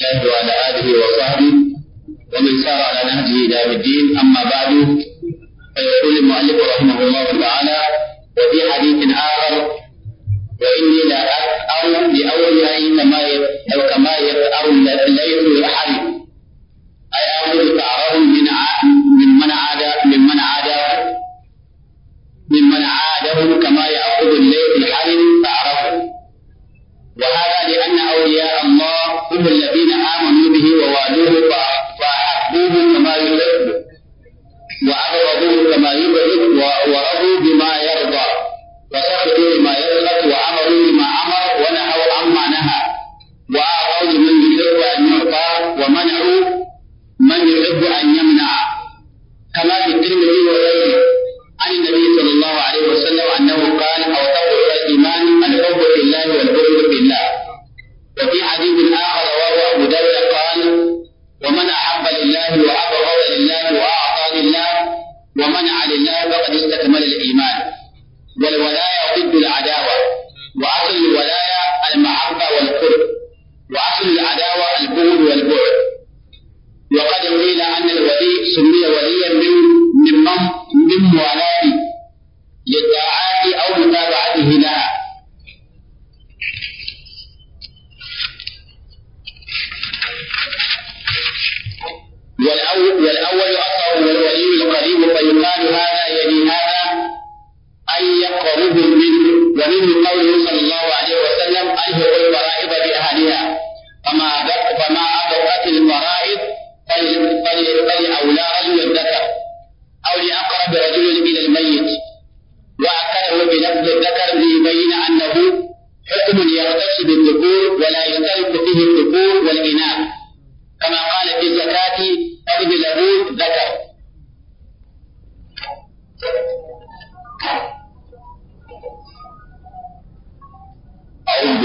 الله وعلى آله وصحبه ومن سار على نهجه إلى يوم الدين أما بعد فيقول المؤلف رحمه الله تعالى وفي حديث آخر وإني لا أفأر بأوليائي كما أو كما يفأر الليل يحل أي آخذ فأره من ممن عاد ممن عاد ممن عاده كما يأخذ الليل الحرم فأره وهذا رسوله الذين آمنوا به ووالوه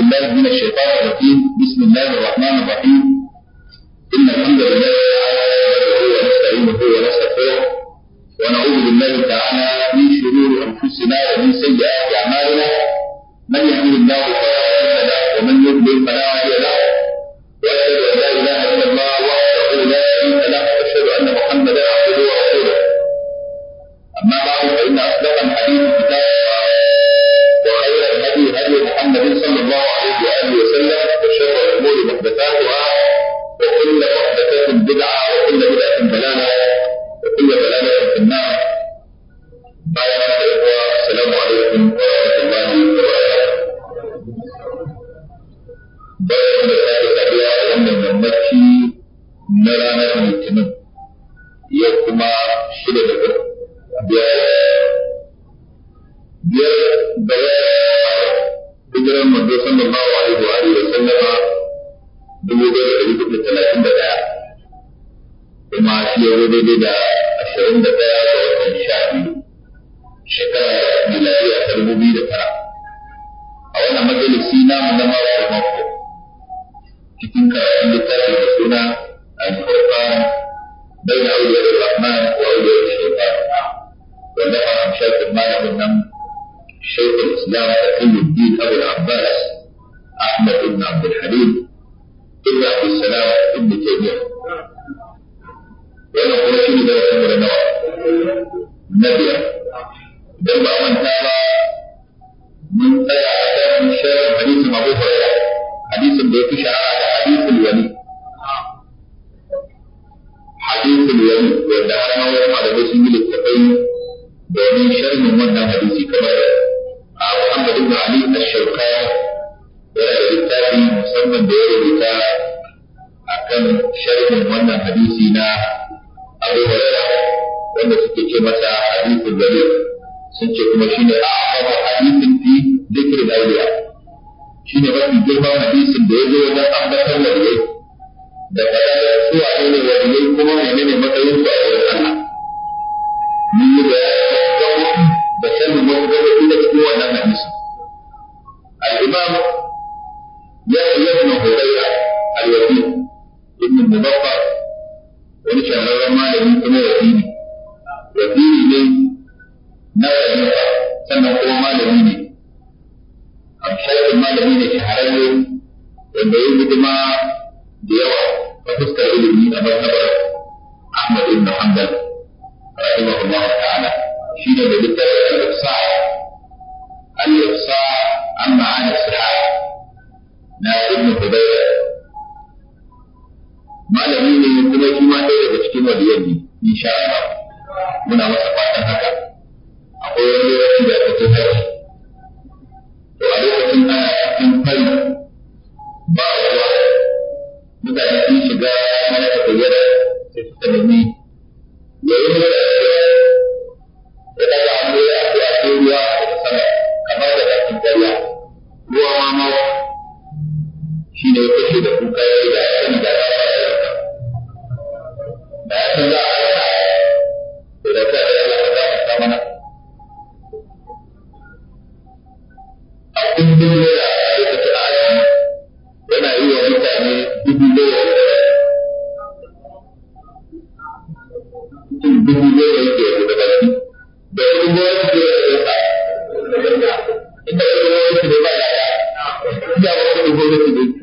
بالله من الشيطان الرجيم بسم الله الرحمن الرحيم إن الحمد لله تعالى هو نحمده ونستعينه ونستغفره ونعوذ بالله تعالى من شرور أنفسنا ومن سيئات أعمالنا من يهده الله mutumin da ya rubuta akan sharhin wannan hadisi na Abu Hurairah wanda suke ce masa hadithul ghalib sun ce kuma shi ne shine a'zamu hadithin fi dhikril awliya shine mafi girman hadisin da ya zo wajen ambatan waliyai da ya su a ne waliyai kuma menene matsayin su a wurin Allah mun yi bayanin gabobi da sanin wasu gabobi da cikin wannan hadisi al-imam يحيى بن هريرة الوكيل ابن المبقر wani shahararren malami kuma wakili wakili ne na rayuwa sannan kuma malami ne amshakin malami ne shahararre wanda ya hidima da yawa ta fuskar ilimi a martabar Ahmad ibn Hanbal rahimahullah ta'ala shi ne da littafin al-ifsa al-ifsa an ma'ana sahih na ibn Hudayra malami ne kuma shi ma ɗaya daga cikin waliyan ne insha Allah muna masa fatan haka akwai wani lokaci da aka ce to a lokacin ana cikin fari ba ruwa mutane sun shiga mana ta bayyana sai suka nemi ya yi mura da daga hannu ya fi a ruwa da sama kamar da ɗakin ƙarya ruwa ma mawa shi ne da kuka ya da ya da ya da ya san za a yi da ta da ya mana a kundin lera a yana yi wa mutane dubu lera dubu lera da da da ya ya da ya ya da da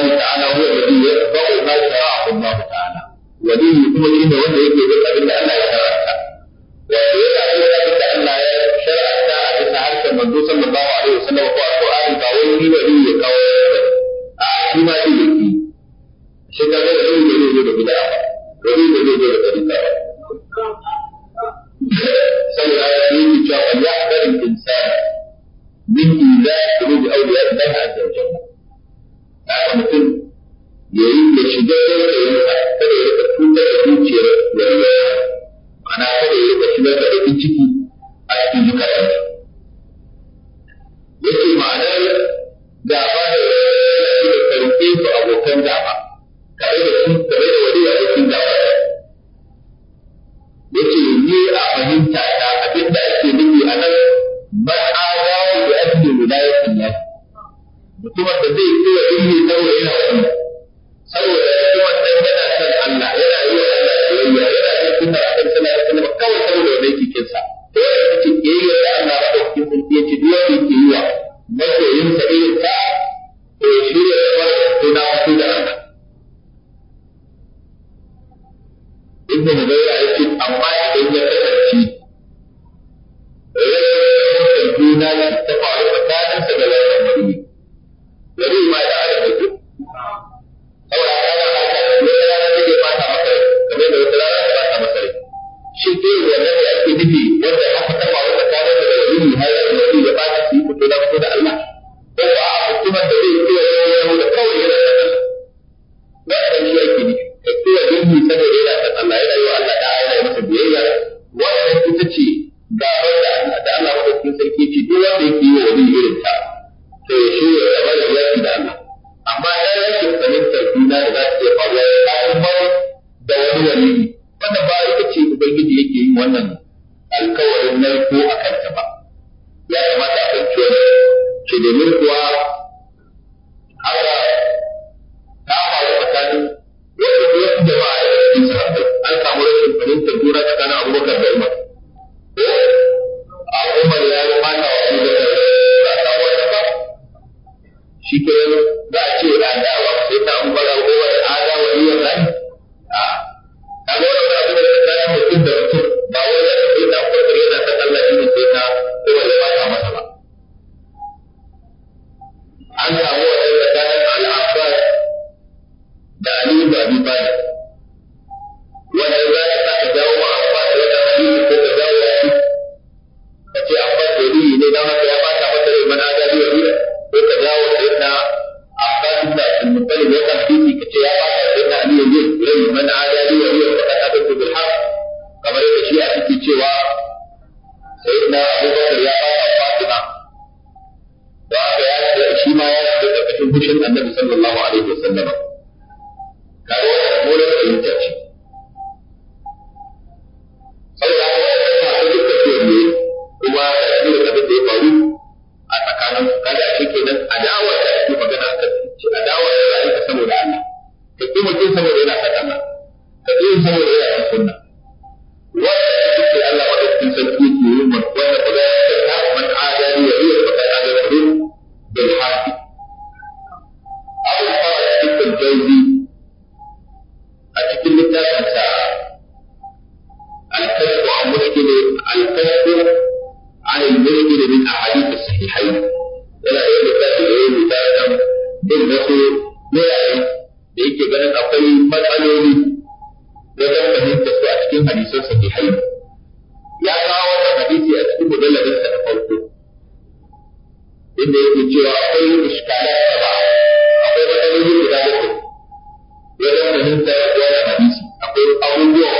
الله تعالى هو الذي يرفع ما شرعه الله تعالى وليه كما إنه وانده يكي بالأبن الله تعالى alkawari wanda ba ita ce ubangiji yake yin wannan alkawarin narko a kanta ba ya kamata a fahimci wannan ce domin kuwa haka ta faru tsakanin wasu wasu jama'a da cikin sahabbai an samu rashin fahimtar juna tsakanin abubakar da umar a umar ya yi mata wa su da ba a samu wata ba shi ke za a ce da adawa sai ta umar a umar adawa yi zai ya ga na an samu lokacin da yake cewa akwai iskala da ba akwai matsaloli guda bakwai wajen fahimtar wannan hadisi akwai abubuwan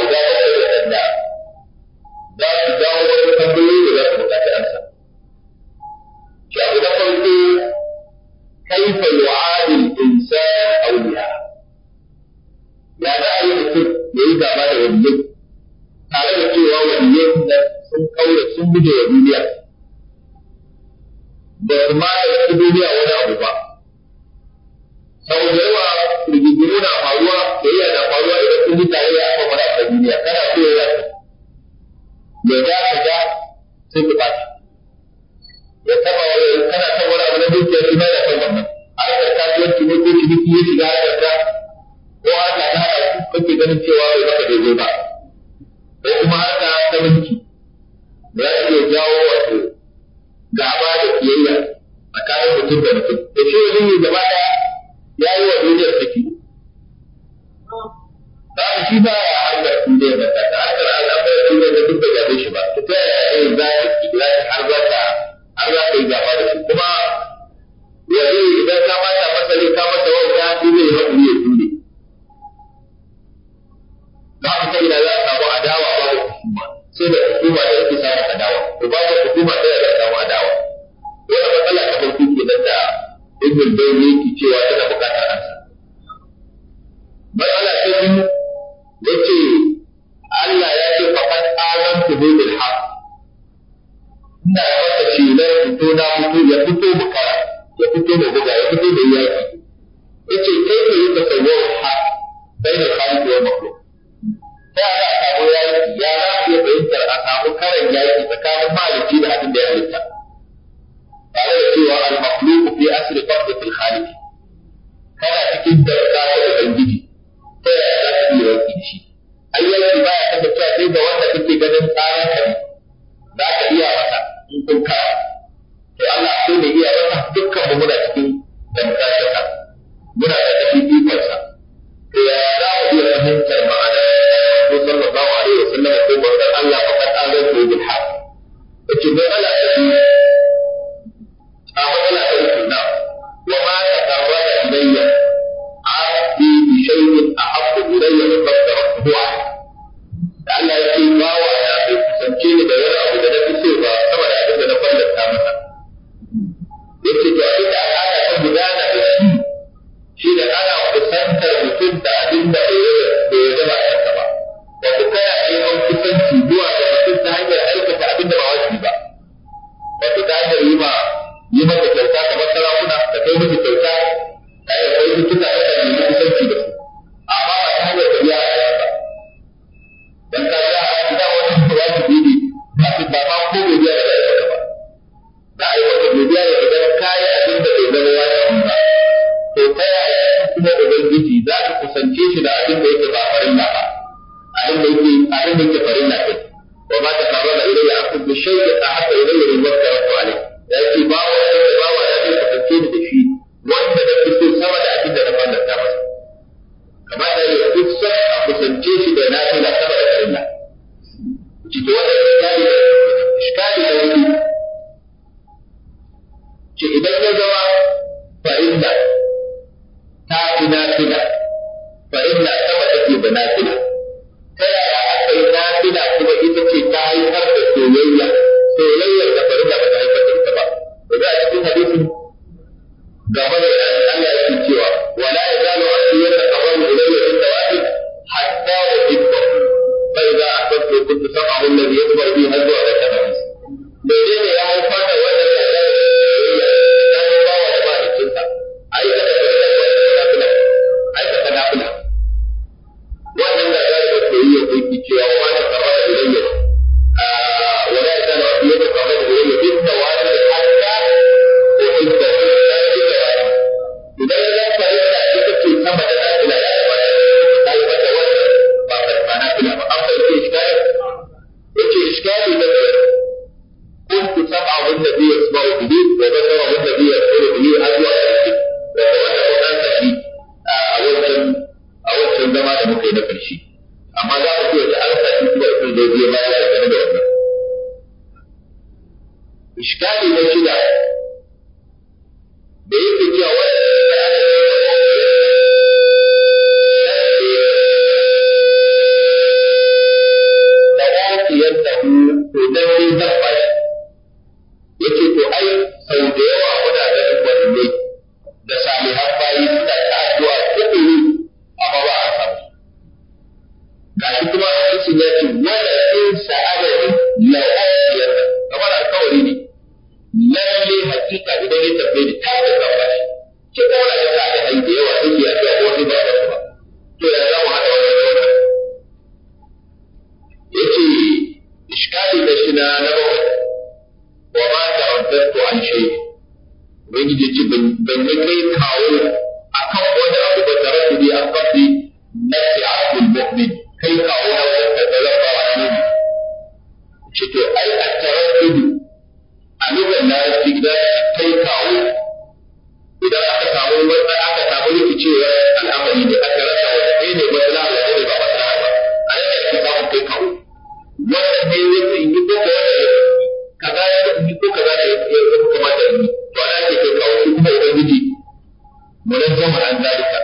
zalika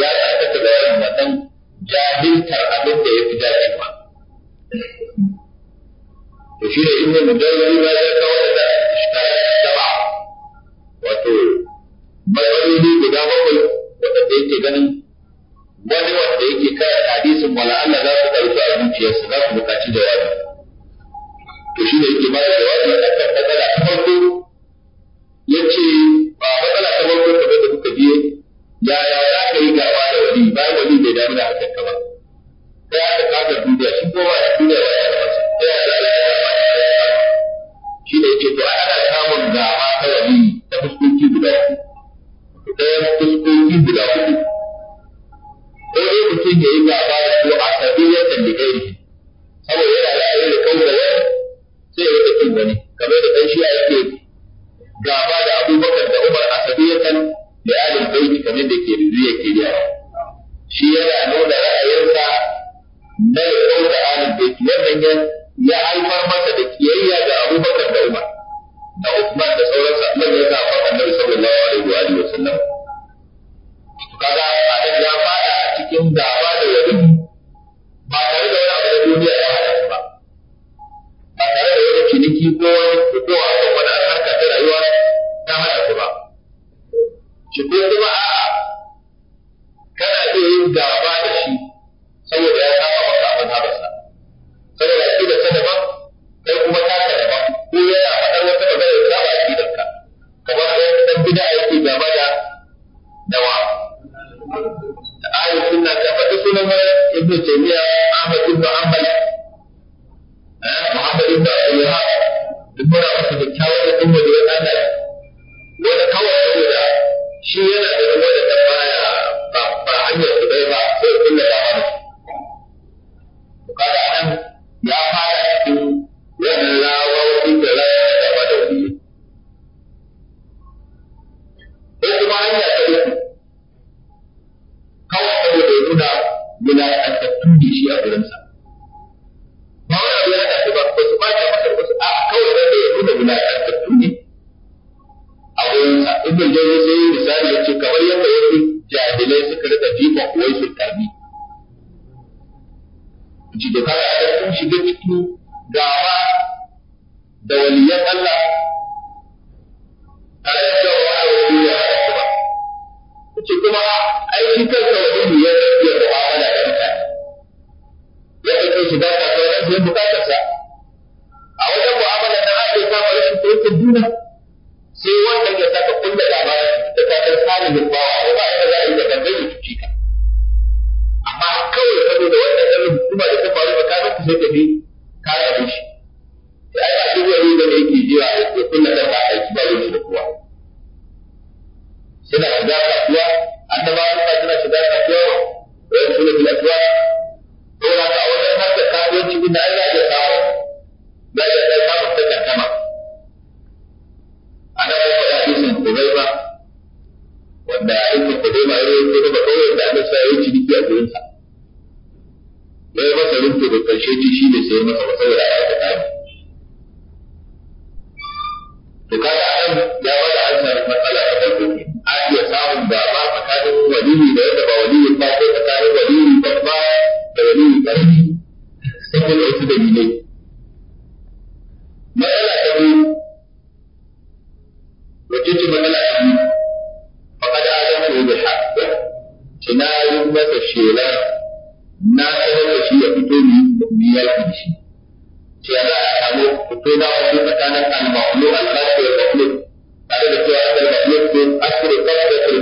ya ta bayanin wannan jahiltar abin da ya fi dacewa to shi ne inda mujallari ba ya kawo da ishkarar saba wato matsaloli guda bakwai waɗanda yake ganin wani wanda yake karanta hadisin wala Allah za su ɗauki a zuciyarsa za su buƙaci jawabi to shi ne yake bada jawabi a kan matsala ta farko ya ce ba matsala ta farko kamar da kuka biye yaya za ka yi gawa da wani bayan wani bai damu da hakan ka ba sai aka kasa duniya shi kowa ya duniya ba ya rasa sai ya zala ya rasa ya rasa shi ne ce to ana samun gaba ta wani ta fuskoki guda uku ɗayan fuskoki guda uku ko dai mutum ya yi gaba da ko a sabiyyar da ni kai saboda yana ra'ayi da kansa wani sai ya rika cin wani kamar da ɗan shi yake gaba da abubakar da umar a ya sabiyyar da alin baiti kamar da ke zuriya ke yawa shi yana nuna ra'ayinsa na yau da alin baiti wannan ya ya haifar masa da kiyayya ga abubakar da umar da usman da sauran sabon ya sa faɗa annabi sallallahu alaihi wa alihi wasallam kaga da ya fada cikin gaba da wani ba tare da wani abu da duniya ya hada ba ba tare da wani ciniki ko wani fito a kan wani shi kuma a'a kana iya yin gaba da shi saboda ya saba maka a mazhabarsa saboda shi da ta daban kai kuma taka daban ko yana faɗar wata magana da saba a ka. kamar da yadda dan bida yake gaba da dawa da ayin sunna ta faɗi sunan ibnu taymiya ahmad ibnu hanbal eh, muhammad ibnu abdul wahab duk muna masa kyakkyawan mutum da ya tsana wanda kawai saboda shi yana da wani da baya ba ba hanyar kudai ba sai da wani to kaga ya fara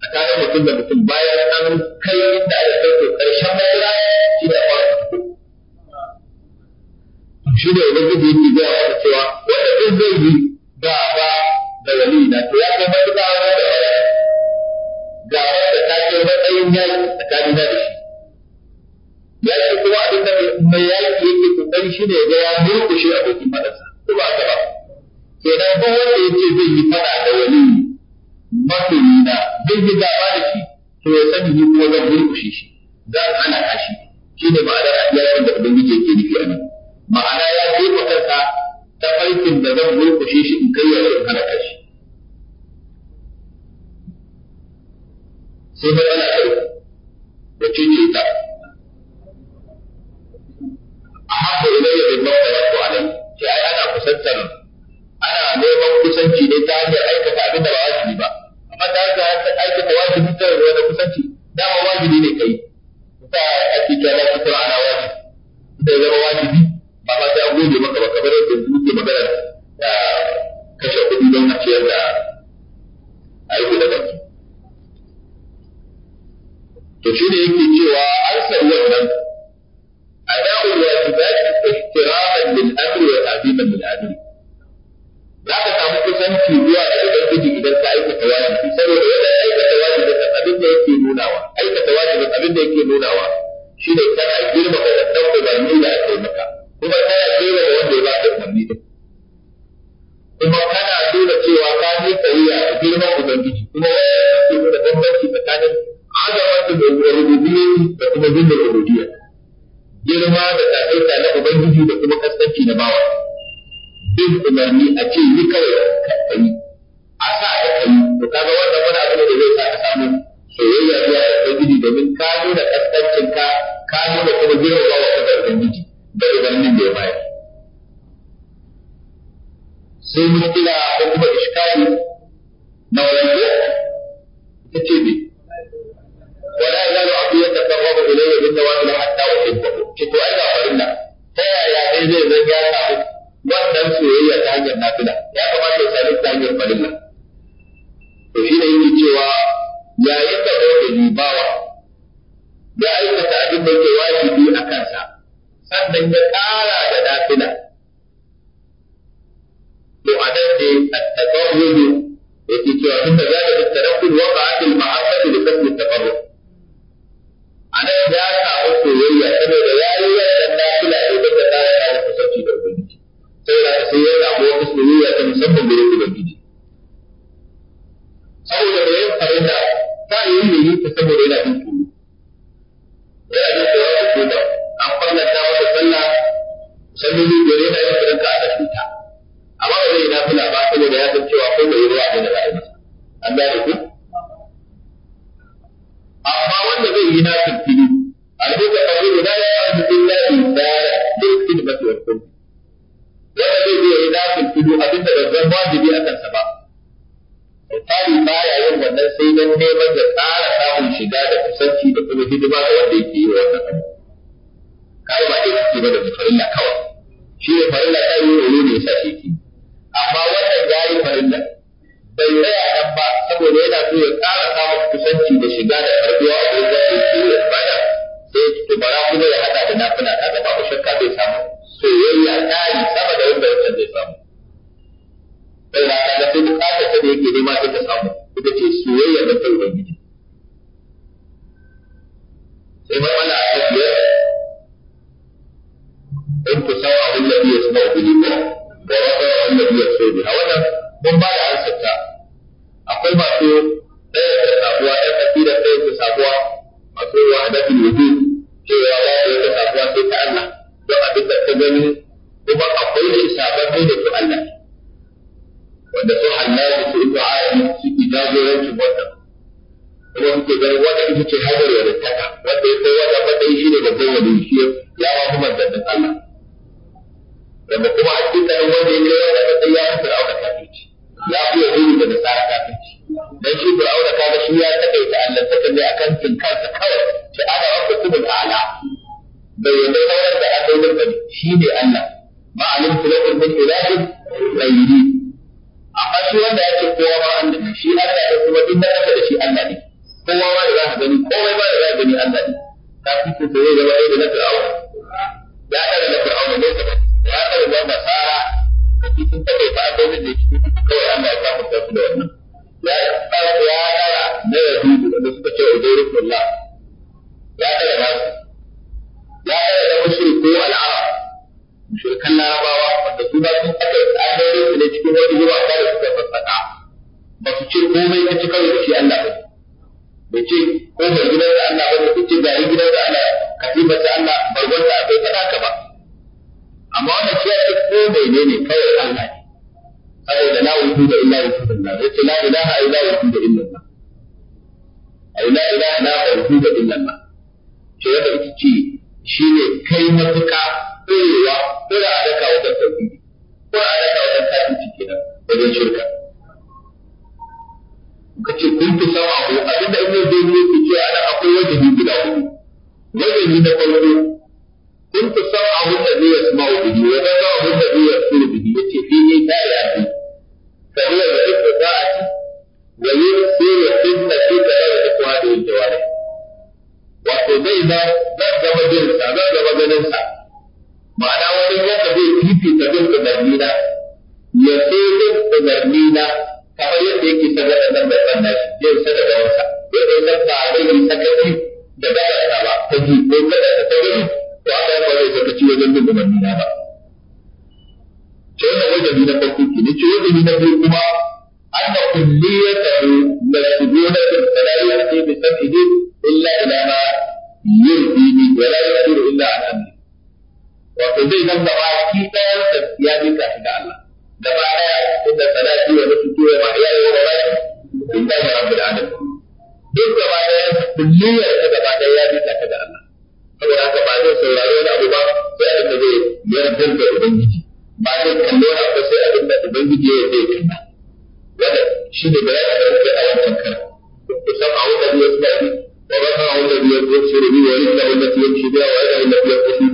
tsakanin mutum da mutum bayan an kai inda aka kai to karshen matsala shi ne a shi ne wani gudu yake cewa wanda zai yi ba ba da wali na to ya kai matuƙa wa da ga wanda ta matsayin yaki da shi yaki kuma abin da mai yaki yake kokari shi ne ga ya murƙushe abokin fadarsa ko ba ka ba kenan duk wanda yake zai yi fada da wali masoyi na zai ji gaba da shi to ya sani ni kuma zan murkushe shi zan hana kashi shi ne ma'anar ajiyar da ubangiji yake nufi a nan ma'ana ya jefa kansa ta farkin da zan murkushe shi in kai ya yi hana kashi sai dai ana kai da cinye ta a haka ilayya bin mawa ya ko alam sai ai ana kusantar ana neman kusanci ne ta hanyar aikata abin da ba wajibi ba mata ka aikata wajibi ta ruwa da kusanci dama wajibi ne kai ta ake kyala ta kura ana wajibi da zama wajibi ba ma sai an gode maka ba kamar yadda muke magana da kashe kuɗi don a ciyar da aiki da baki to shi ne yake cewa an san wannan A أداء الواجبات احتراما للأمر وتعظيما للأمر za ka samu kusanci zuwa ga ubangiji idan ka aikata wajibi saboda wannan aikata wajibin abin da yake nunawa aikata wajibin abin da yake nunawa shi ne kana girma ga wannan umarni da aka yi maka kuma kana girma ga wanda ya ba ka umarni din kuma kana nuna cewa ka yi tsariya a girman ubangiji kuma wannan yake nuna bambanci tsakanin azamatu da rububiyyati da kuma zinda rububiyya girma da takaita na ubangiji da kuma kaskanci na bawa bin umarni a ce yi kawai ka yi a sa ka yi to kaga wannan wani abu da zai sa ka samu soyayya zuwa ga ubangiji domin ka nuna kaskancin ka ka nuna kuma girma wa ka ga ubangiji da umarnin da ya bayar sai muskila ko kuma iskali na wanda ta ce bi wala yazalu abdu yataqarrabu ilayya bin nawafil hatta uhibbahu ki to ai ga farinda ta yaya dai zai zan wannan soyayya ta hanyar nafila ya kamata ya sami ta hanyar farilla to shi ne yake cewa yayin da ɗaukaki bawa ya aikata abin da yake wajibi a kansa sannan ya ƙara da nafila to a nan ne at-taqawwud yake cewa inda zaka da tarakkul a cikin mahabbatu da kasb at-taqarrub a nan ya samu soyayya saboda ya yi wannan nafila sai ya rabu wata soyayya ta musamman da ya da gidi saboda da yin farilla ta yi ne yi ta saboda yana jin tsoro yana jin tsoro a kuma an farlanta wata sallah salloli biyar yana yin farinka a ƙarshen ta amma ba zai yi nafila ba da ya san cewa ko bai ruwa ne da za an gane ku amma wanda zai yi nafil fili albuka fa'il da ya yi da ya yi, billahi ta'ala bil khidmati wal khulq ya ce zai yi nafin tudu abin da babban wajibi a kansa ba misali baya yin wannan sai don neman da ƙara samun shiga da kusanci da kuma hidima ga wanda yake yi wannan abu kai ba ɗaya kake ba da farilla kawai shi ne farilla ta yi wuri ne sa shi amma wannan ya yi farilla bai tsaya nan ba saboda yana so ya ƙara samun kusanci da shiga da karbuwa a wurin da yake yi wannan sai to bara kuma ya haɗa da nafila kaga babu shakka zai samu soyayya tsari sama da wanda wancan zai samu sai na kaga sai bukatar ta da yake nema sai ta samu ita ce soyayya da ta ubangiji sai ma wala a kan biyar in ku sawa wanda biya su ba ubangiji ko ga wata wanda biya ne a wannan kun ba da ta akwai masu ɗaya ta sabuwa ɗaya da ɗaya ta sabuwa masu wahadatul wujud cewa ba ta sabuwa sai ta Allah da abin da ka gani kuma akwai shi sababbi da su Allah wanda su Allah da su ibnu ayyub suke jagorancin wannan kuma suke ganin wannan ita ce hanyar da taka wanda ya kai wannan matsayi shi ne da zai wani shi ya ma kuma zannin Allah wanda kuma a cikin kanin wanda ya kai wannan matsayi ya fi fir'auna kafirci ya fi yahudu da nasara kafirci dan shi fir'auna kaga shi ya takaita Allah sakan ne akan tinkansa kawai shi ana rabbukum al'ala bai yadda sauran da aka yi ba shi ne Allah ma alim kulakun min ilahin ghairi amma shi wanda yake kowa ma Allah shi Allah ne kuma duk da da shi Allah ne kowa ma da za gani komai ma da za ka gani Allah ne ka fi ku koyi gaba ɗaya da na fir'auna ya ɗaga na fir'auna ne ka ya ɗaga na basara ka fi sun taɓa ta abubuwan da shi kawai Allah ya kafa ta su da wannan ya ɗaga ya ɗaga na yahudu wanda suka ce wa zai rufin Allah ya ɗaga su. ya ayyana mushriku al'arab mushrikan larabawa wanda su ba sun aka ayyana su ne cikin wani zuwa ta da suka fassaka ba su ce ka ci Allah ba bai ce ko da Allah ba ko ce gari gidan da Allah katiba ta Allah bargon da bai faɗa ka ba amma wannan cewa ta ko bai ne ne kawai Allah ne saboda la wujuda illa wujudullah yace la ilaha illa wujuda illallah ay la ilaha la illa illallah ce da ita ne kai matuƙa ɗorewa ɗora a daka wajen tauhidi ko a daka wajen kafirci kenan wajen shirka ka ce kun fi sama abu abinda in zai ne ku ce ana akwai wajen yi guda hudu wajen yi na farko kun fi sama abu da zai yasu ma'a wajen sama abu da zai yasu ya ce fi ne ta yi abu ka da ita za a ci wa yin sai ya fi na ce ta yi da kuma da yin to zai ba zan gaba jin sa zan gaba ganin sa ma'ana wani wanda zai fifita bin umarni na ya so bin umarni na kamar yadda yake ta ga nan da ɗan nashi yau sai da gawansa zai ɗan san ba zai yi sakaci da gaɗa ba ta ji ko gaɗa ta ta gani to haka ba zai sakaci wajen bin umarni na ba. ce wannan wajibi na farko ke ne ce wajibi na biyu kuma أن كليته مسجونة فلا يأتي بسمعه إلا إلى ما yurdi ni wa la yaqdiru illa a ala wato zai zan da baki ɗayan da ya dinka ta da Allah da ba ɗaya inda salati wa nusuki wa mahyaya wa mamati lillahi rabbil alamin duk gaba ɗaya kulliyar ta gaba ɗaya ya bi ta da Allah saboda haka ba zai saurari wani abu ba sai abin da zai yardar da ubangiji ba zai kalli wani abu sai abin da ubangiji ya zai kalla wanda shi ne da ya a wancan kara kusan a wani abu ya suna ورفعه الذي يبصر به ورجله التي يمشي بها ويده التي يقتفي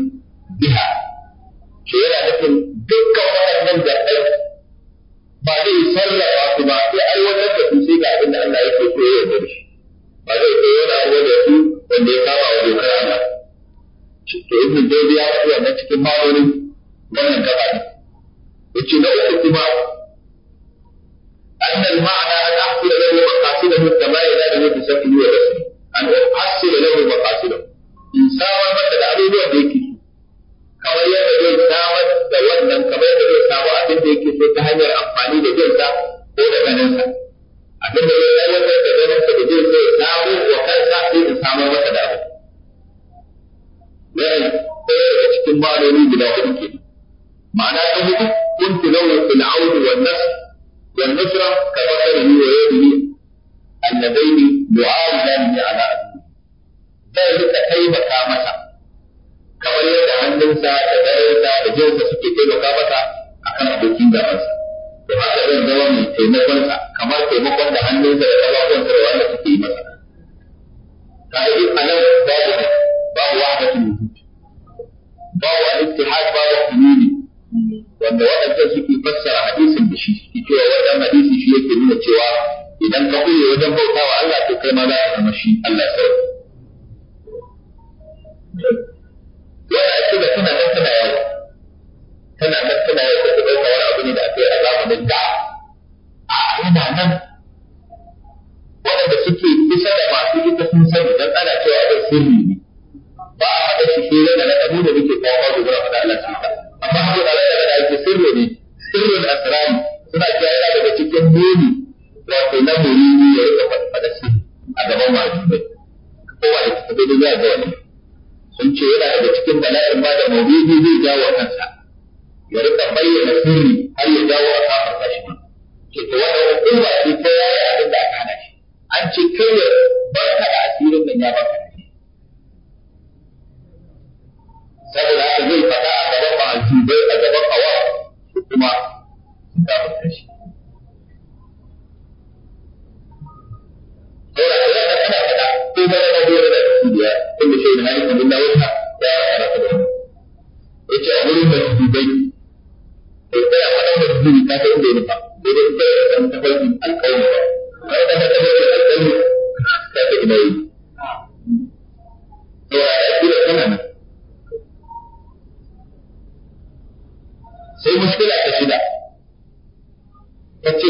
بها shi yana nufin dukkan waɗannan da ɗai ba zai sarrafa su ba sai aiwatar da su sai ga abin Allah yake so ya yarda shi ba zai da su wanda ya kama wa dokar Allah to ibn Jawzi ya faɗi wannan cikin ma'aunin wannan gaba ne yace na uku kuma أن المعنى أن أحصل له مقاصده التمايل هذا هو تسكن ورسمه an uhassil lahu maqasidahu in samar masa da abubuwan da yake kamar yadda zai samar da wannan kamar yadda zai samu abin da yake so ta hanyar amfani da jinsa ko da ganinsa abin da zai aiwatar da sai mushkila ta shida ta ce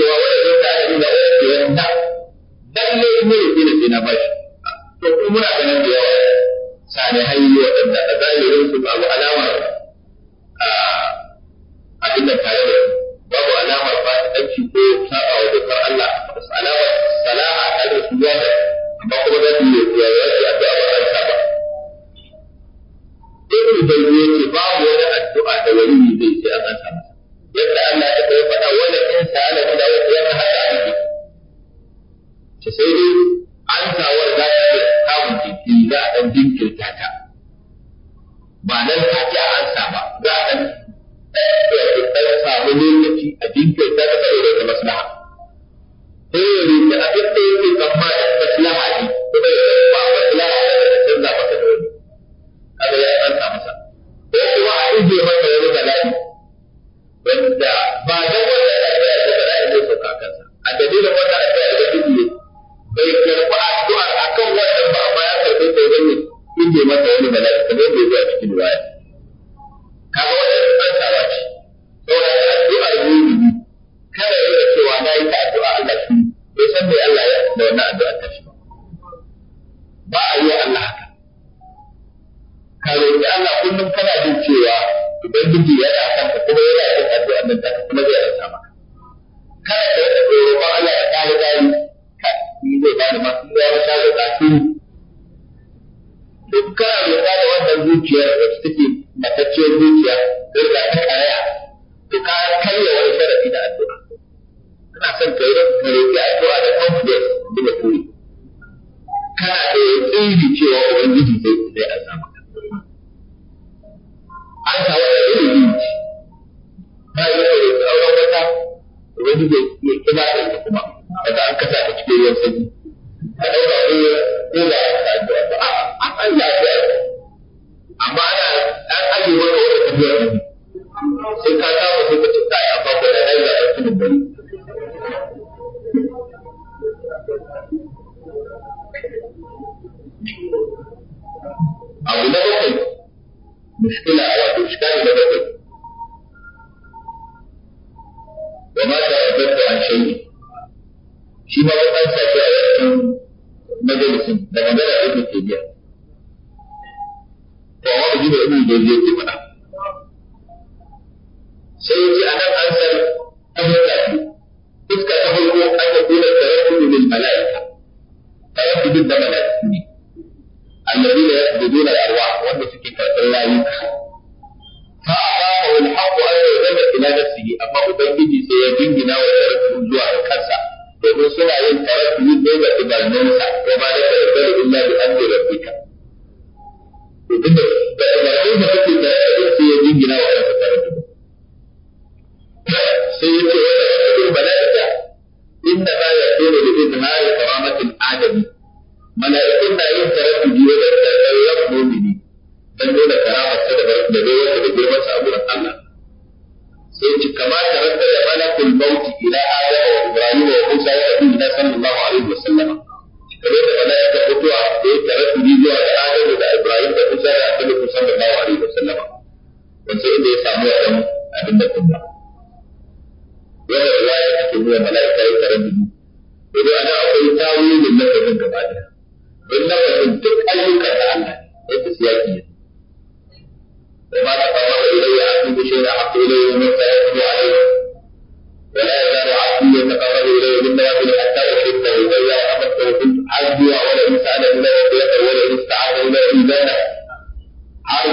daga an kasa ta cikin ruwan sanyi a ɗaura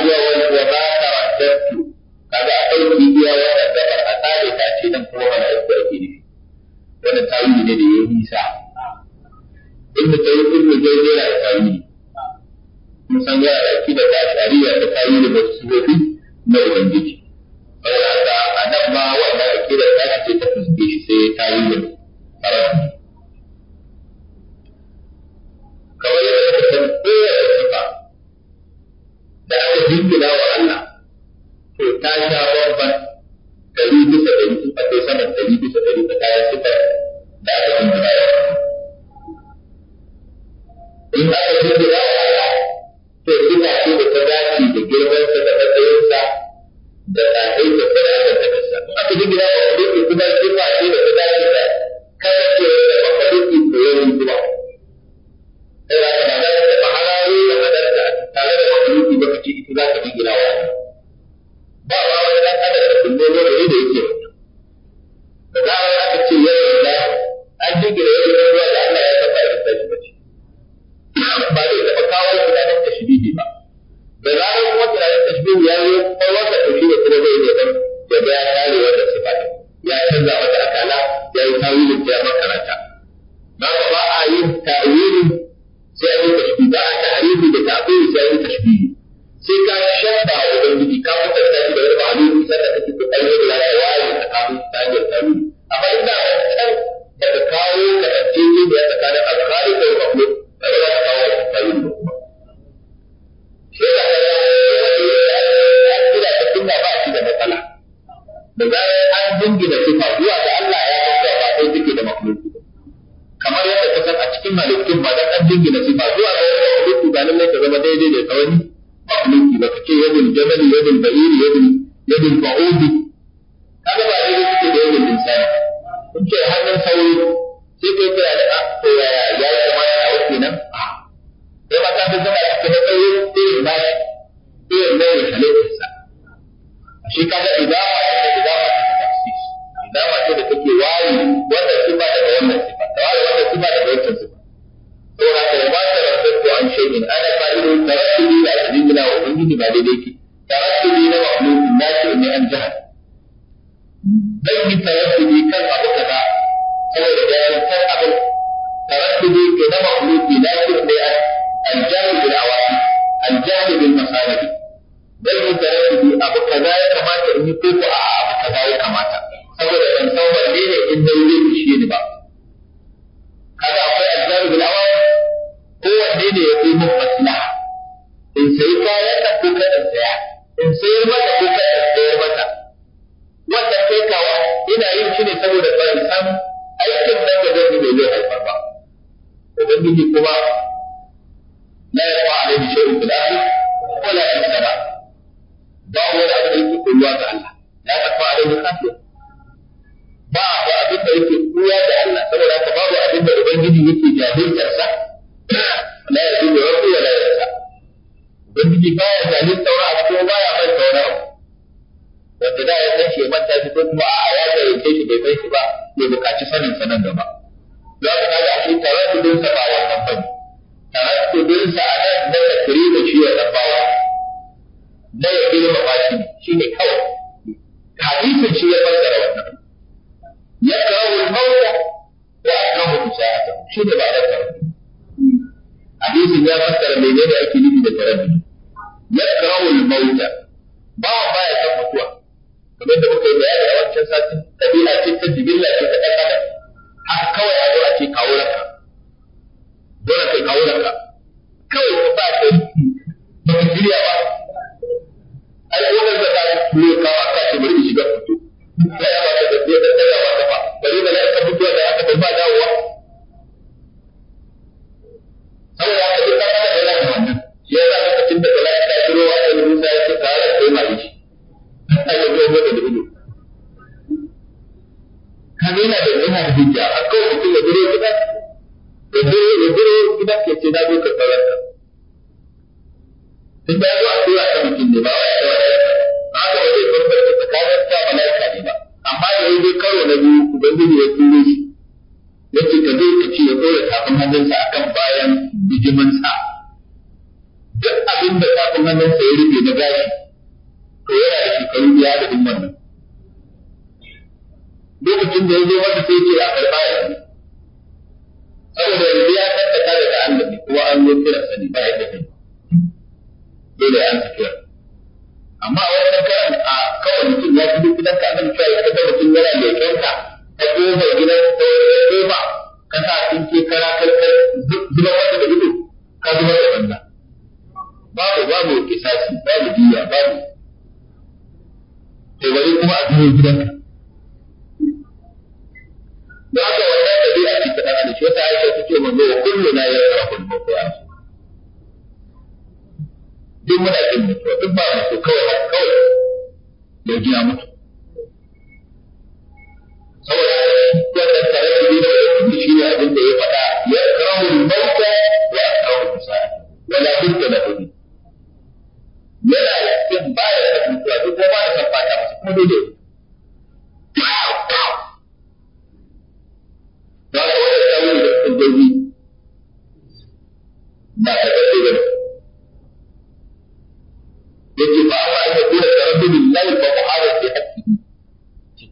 biya wani wa ba ta raddattu kaga akwai bibiya wannan da ba a tsare ta ce dan kuma wani aiki ake nufi wannan tawili ne da yayi nisa inda ta yi ibnu da tawili mun san yana da ta shari'a ta tawili da sufofi na ubangiji saboda haka a nan ma wannan akida ta ce ta fuske sai tawili farashi sauri sai kai kai al'a kuingilia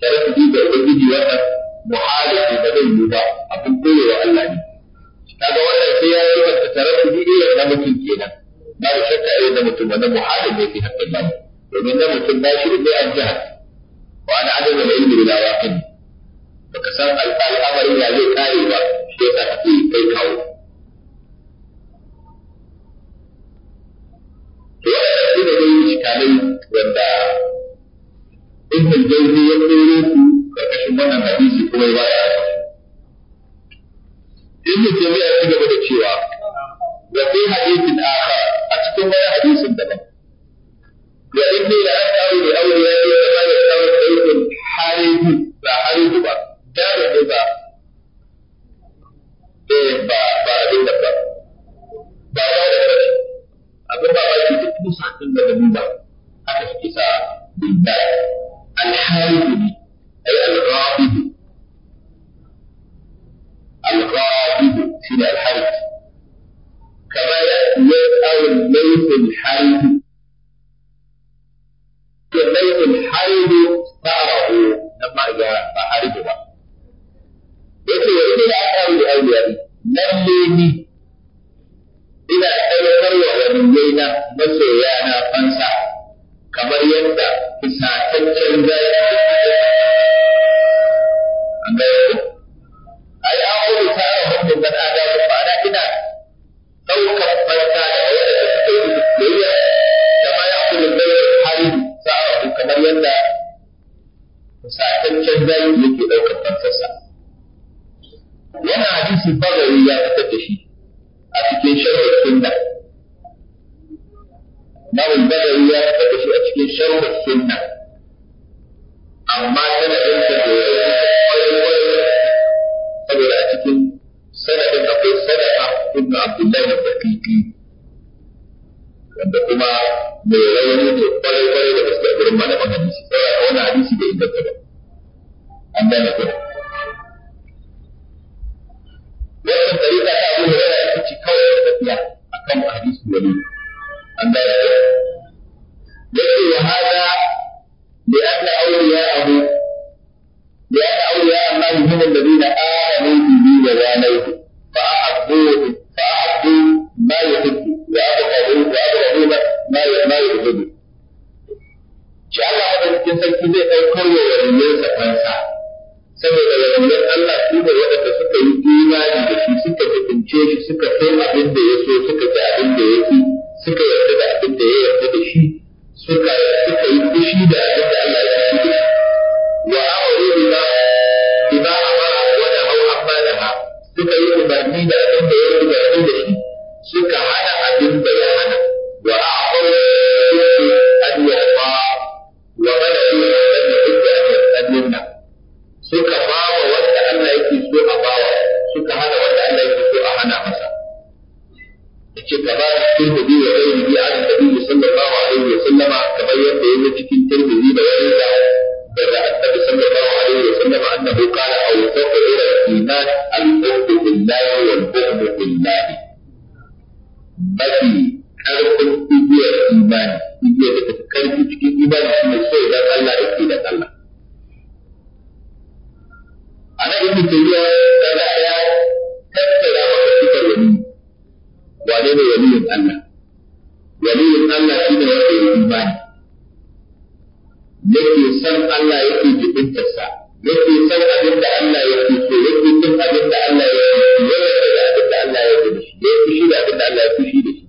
da rasidi da ubangiji wannan muhalifi ba zai yi ba abin koyo wa Allah ne kaga wannan sai ya yi wata tarabbi ne da mutum kenan ba da shakka irin da mutum wannan muhalin ne fi haƙƙin ba domin na mutum ba shi ne an jihar wa ana adam da ilmi bila waqin baka san al'amarin ya zai kare ba sai ka tafi kai kawo to wannan shi ne dai shikalai wanda ibn al-jawzi ya koro su karkashin wannan hadisi kuma ya baya ibn taymiya ya ci gaba da cewa wa fi hadithin akhar a cikin wani hadisin daban wa inni la as'alu bi ya wa la as'alu bi ya haribu ba haribu ba dare da ba eh ba ba abin da ba ba ba da ba abin ba ba ki duk musa din da ba haka suke sa bin dare الحارث به أي الغاضب الغاضب شنو الحارث كما يأتي أو الليث الحارث الليث الحارث ثأره لما جاء فحارث بقى yake wa ina aqawi da awliyai lalle ni ina aiwatar wa waliyaina masoyana fansa kamar yadda sataccen zaki a ga yau ai an kuma tsara hukumin dan adam ba na ina daukar farka da wanda suke yi biyayya da ma ya kuma bayar hali tsara kamar yadda sataccen zaki yake daukar farkarsa wannan hadisi bagawi ya fitar da shi a cikin sharh sunna nawal badawi ya fitar da shi a cikin sharh sunna amma sanadin da saboda a cikin sanadin akwai sadaka ibnu abdullahi da daqiqi wanda kuma mai rauni ne kwarai kwarai da gaske a gurin malaman hadisi sai a wani hadisi da inganta ba an gane ko wannan tariqa ta abu da ya ci kawai da tafiya akan hadisi wani an gane ko yake wa hada bi anna awliya'ahu bi anna awliya'allahi hum alladhina amanu bi bayanaihi fa ahabbuhu fa ahabbu ma yuhibbu wa abghadu wa abghadu ma ma yuhibbu shi Allah madaukakin sarki zai ɗaukar wa sa sakansa saboda waliyai Allah su ne waɗanda suka yi imani da shi suka hukunce shi suka kai abin da ya so suka ci abin da ya fi. suka yarda da abin da ya yarda da shi suka suka yi fushi da abin da Allah ya yi da shi wa amru bima bima amara wa nahaw amma naha suka yi umarni da abin da ya umarni da shi suka hana abin da ya hana wa a'maru an yarda wa mana yi an yarda an yarda suka كما في الترمذي وغيره عن النبي صلى الله عليه وسلم كما يبدو في الترمذي بيان بدا النبي صلى الله عليه وسلم انه قال او تقعر الايمان الحب في الله والبغض في الله mafi karfin igiyar imani igiyar da ta karfi cikin imani shi ne sai dan Allah da ke dan Allah a nan ibn tayyiba ya tattara maka cikin wani wane ne waliyin Allah waliyin Allah shi ne wanda ya imani yake san Allah yake jibintarsa yake san abin da Allah yake so yake san abin da Allah ya yi ya yarda da abin da Allah ya yi shi ya fushi da abin da Allah ya fushi da shi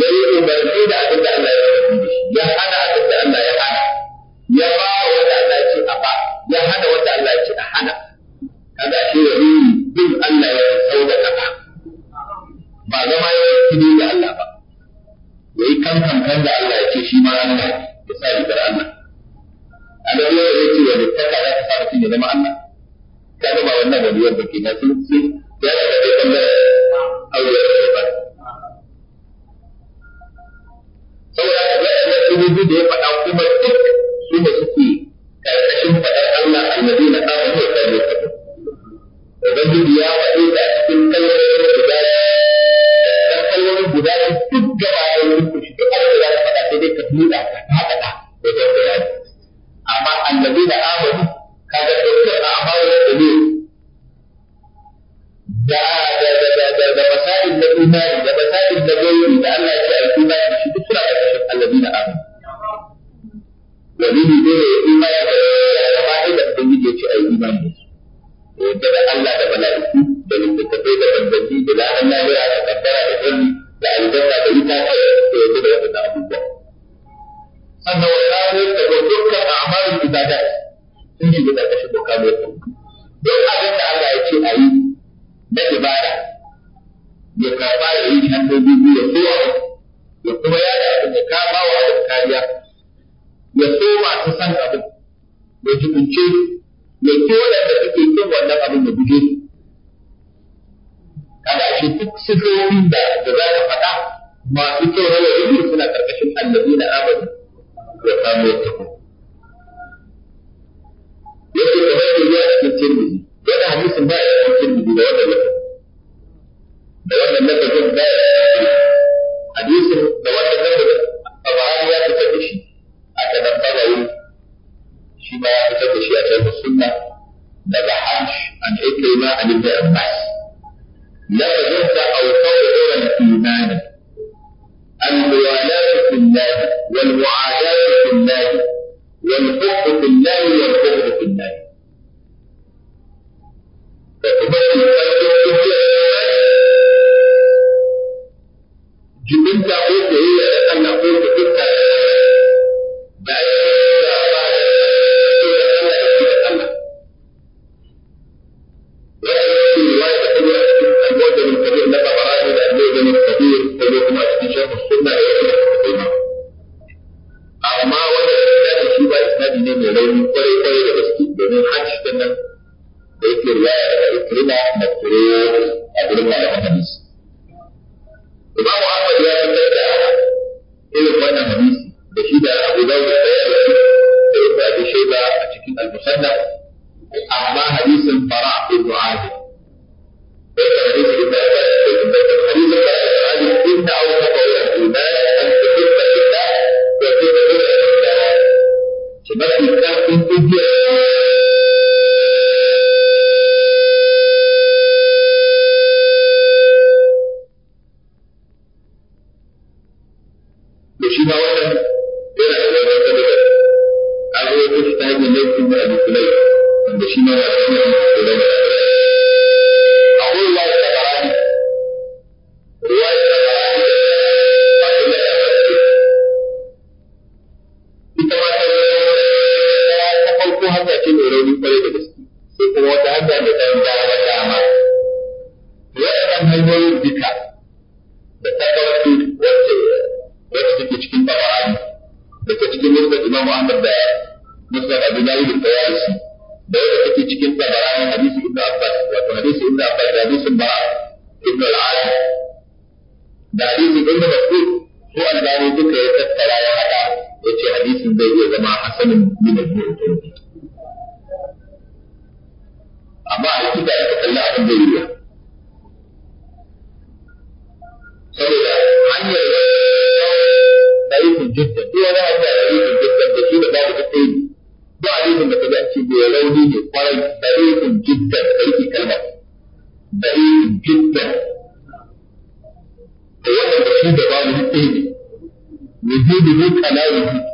ya yi umarni da abin da Allah ya yi da shi ya hana abin da Allah ya hana لا بد أو تظهر الإيمان الموالاة في الله والمعاملة hadisin zai iya zama hasanin bin al-mu'min amma a cikin da aka kalla abin zai iya saboda hanyar tarihin jidda ko wani hanya tarihin jidda da shi da babu ta tsaye ba hadisin da kaga ce da rauni ne kwarai tarihin jidda tarihin kalmar tarihin jidda da wannan da shi da babu ta tsaye ne وجود ذكر لا وجود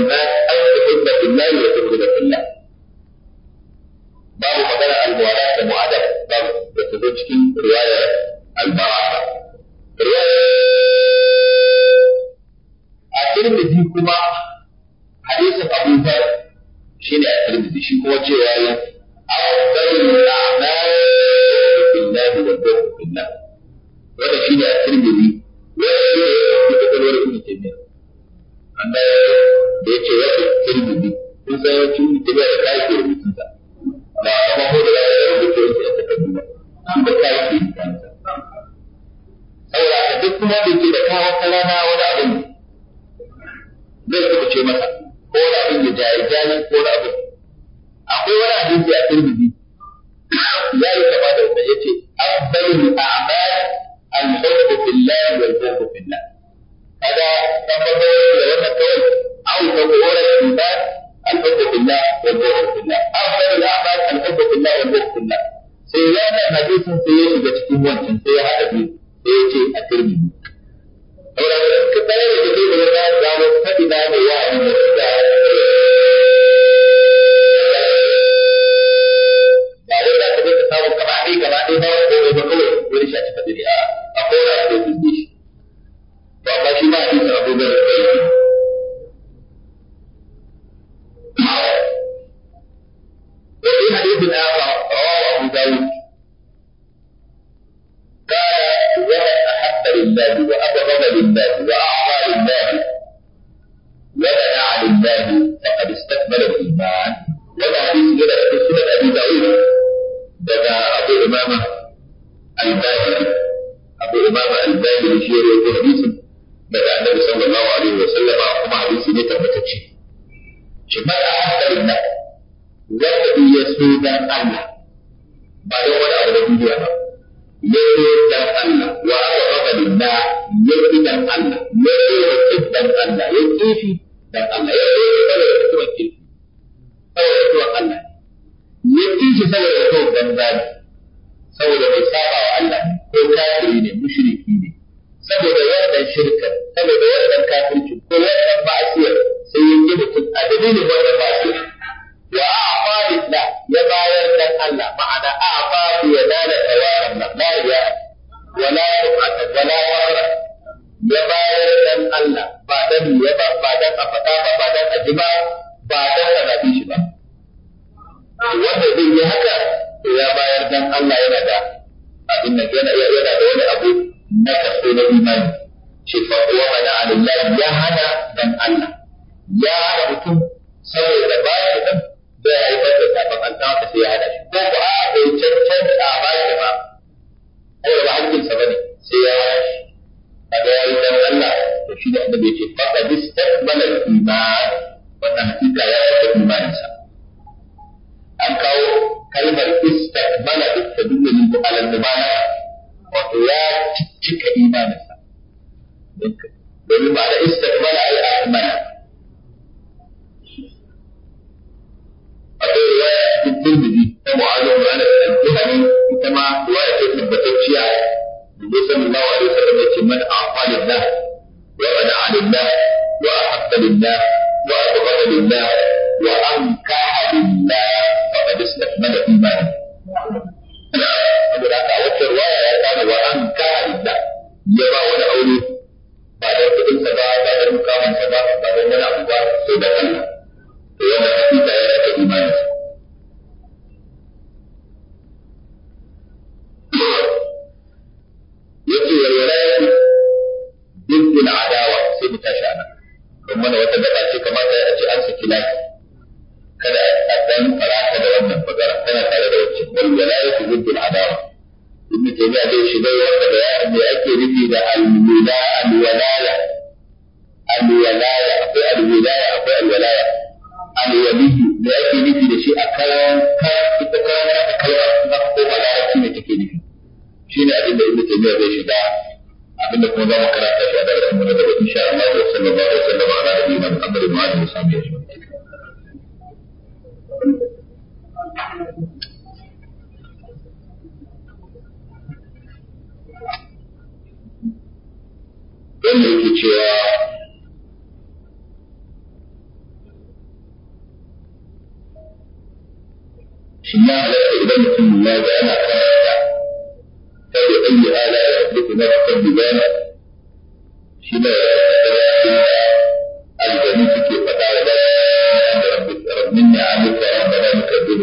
الله أن تحب في الله وتحب في الله باب مجال الموالاة المعادلة باب تتبجكي رواية البراءة رواية الترمذي كما حديث أبو ذر شيء الترمذي شيء هو جواية أفضل الأعمال في الله والبر في الله وهذا شيء الترمذي وهذا شيء يقول ابن تيمية annabawa da yake ya ce ilmi ne kun san yawanci ilmi da kayan ke rubutun sa ba a kama hoda da ya rubuta wasu a takardu ba da kayan ke rubutun sa saboda haka duk kuma da ke da kawo wani abin zai kuma ce masa ko wani abin ya jaye jaye ko wani abin akwai wani hadisi a turbizi ya yi kama da wannan ya ce abbalul a'mal al-hubbu fillah wal hubbu fillah هذا تنبغي لغنى التوبة أو تقول الإنسان الحب في الله والبغض في الله أفضل الأعمال الحب في الله والبغض في الله سيوانا حديث سيئة بتكون وانت سيئة حديث سيئة الترمذي أولا كتابة كتير من الناس قالوا فإذا بواعي من الإسلام أولا كتابة كتابة كما حي كما حي ما هو قول بقول وليش أتفدني أقول أقول بيش to amma shi ba hadisin Abu daga annabi sallallahu alaihi wa sallama kuma hadisi ne tabbatacce shi ba da hankalin nan wanda duk ya so dan Allah ba da wani abu da duniya ba ya so dan Allah wa aka raba lillah ya ki dan Allah ya so wa kif dan Allah ya kifi dan Allah ya so wa kala da kuma kifi saboda kuma Allah ya kifi saboda kawai dan zani saboda bai saba wa Allah ko kafiri ne mushriki ne saboda wannan shirka saboda wannan kafirci ko wannan ba'asiyar sai ya ji mutum a dalilin wannan ma'asiyar wa a'fa billah ya bayar dan Allah ma'ana a'fa bi yanala tawaran la ya wala yu'ata wala wara ya bayar dan Allah ba dan ya ba ba dan a fada ba ba dan a ji ba ba dan a rabi shi ba wanda zai yi haka ya bayar dan Allah yana da abin nan yana da wani abu na karɓo na imani ce fa kuwa mana alillahi ya hana dan Allah ya hana mutum saboda ba shi dan zai haifar da sabon Allah haka sai ya hana shi ko ko a bai cancanta a ba shi ba ai ba hakkin ba ne. sai ya hana shi kaga yi dan Allah to shi da annabi ya ce fa qad istaqbala al-iman wannan hakika ya fara imaninsa an kawo kalmar istaqbala da tadullu ala al-mubaya'a wato ya cika imaninsa domin ba da istiqbala ai amana akwai riwaya cikin dindidi ta mu'azu da ana da jihari ita ma riwaya ce tabbatacciya da sallallahu alaihi wasallam ya ce man afa lillah wa ana lillah wa ahabba lillah wa abghada lillah wa ankaha lillah faqad istakmala imanan saboda haka a wata ruwa ya kama wa an kana idda ya ba wani aure ba da kudin sa ba ba da mukamin sa ba ba da wani abu ba sai da Allah to wannan hakika ya rasa imani yake yi yake dukkan adawa sai mu tashi ana kuma wata da ce kamata ya ce an saki lafiya kada a san karata da wannan magana tana tare da wacce bal walayatu ziddul adawa ibn taymiya zai shiga wanda bayanin me ake nufi da al-wila al-walaya al-walaya akwai al-wilaya akwai al-walaya al-waliyyu me ake nufi da shi a karan kan ita karan ta kalma na ko walaya shi ne take nufi shine abin da ibn taymiya zai shiga abinda kuma za mu karanta shi a darasin mu na gaba insha Allah wa sallallahu alaihi wa sallam ala nabiyina Muhammad wa alihi wa sahbihi wanda yake cewa shi ya halatta idan mutum ya ga ana karanta ta da ayi ala ya duka na kan bidana shi ne aljanu suke faɗa wa da rabbin ya alika rabbana mukaddib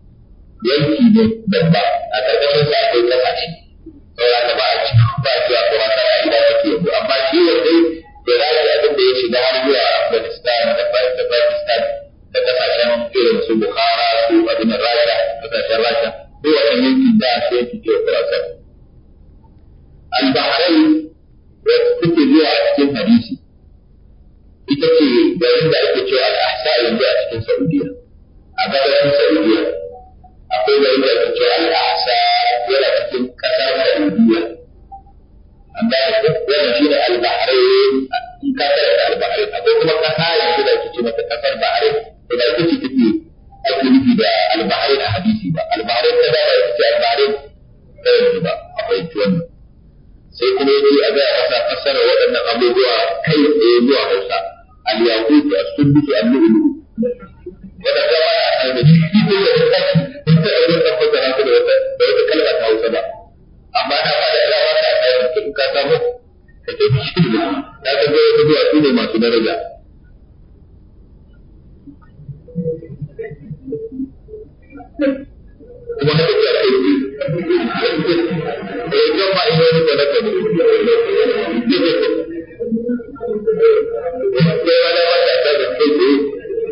yanki ne babba a ƙarƙashin sa akwai kasashe saboda ka ba a ci ba cewa ko wata a gida take yanzu amma shi wanda da za ka abin da ya shiga har zuwa Afghanistan da Pakistan da kasashen irin su Bukhara su abin Rasha kasashen Rasha ko wani yanki da sai ya fito Faransa al-Bahrain da suke zuwa a cikin hadisi ita ce garin da ake cewa al-Ahsa yanzu a cikin Saudiya a gabashin Saudiya akwai garin da kuke al'asa yana cikin kasar Saudiya amma da wannan shine al in kasar al-Bahrain akwai kuma kasa yanzu da kuke mata kasar Bahrain da ita ce take ake nufi da al a hadisi ba al ta da ita ce al ta yanzu ba akwai tuwan sai kuma yace a ga masa kasar waɗannan abubuwa kai tsaye zuwa Hausa al-Yaqut as-Sundus al-Lu'lu' yana you. ba na da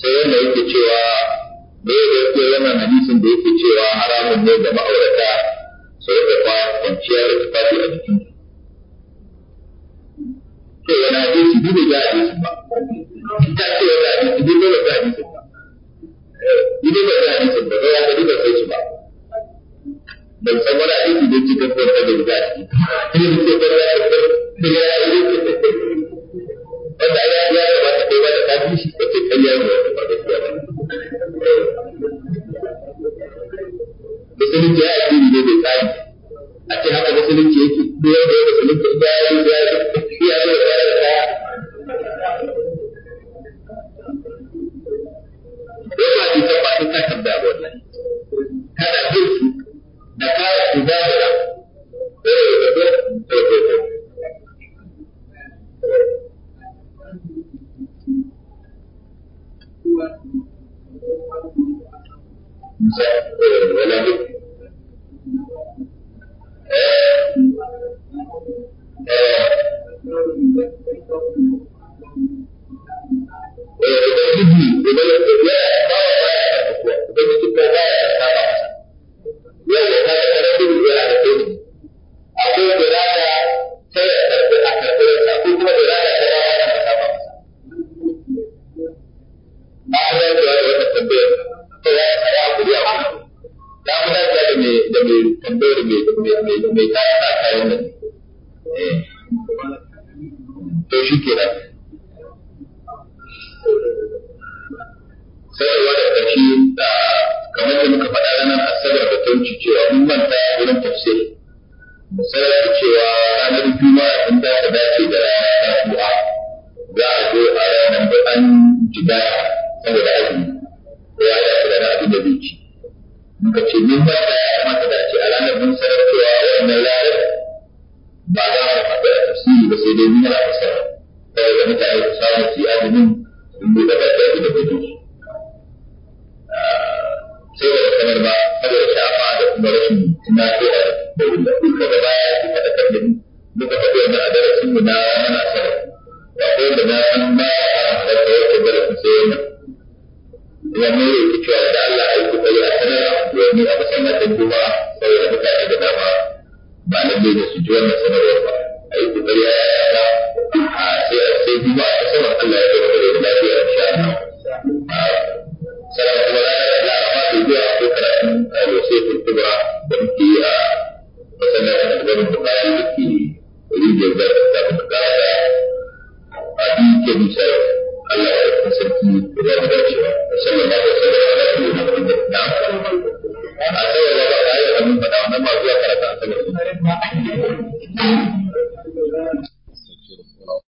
sai wanda yake cewa bai gaske wannan hadisin da yake cewa haramun ne ga ma'aurata su rika kwanciya da tufafi a jikin to wani hadisi duk da ga hadisi ba ta ce wani hadisi duk da ga hadisi ba eh, duk da ga hadisi ba ga wanda duk da sai su ba ban san wani hadisi da yake gaskata da ga hadisi ne ko da ya wanda ai ya kamata kai ba da kafi shi kace kai ya ne ba gaskiya ba musulunci ya addini ne mai tsari a ce haka musulunci yake ko ya da musulunci ya yi ya yi ya yi ya yi ya yi. ba ki ta ba ta tambaya ba wannan kada ki da ka ku da da eh da da ولا بد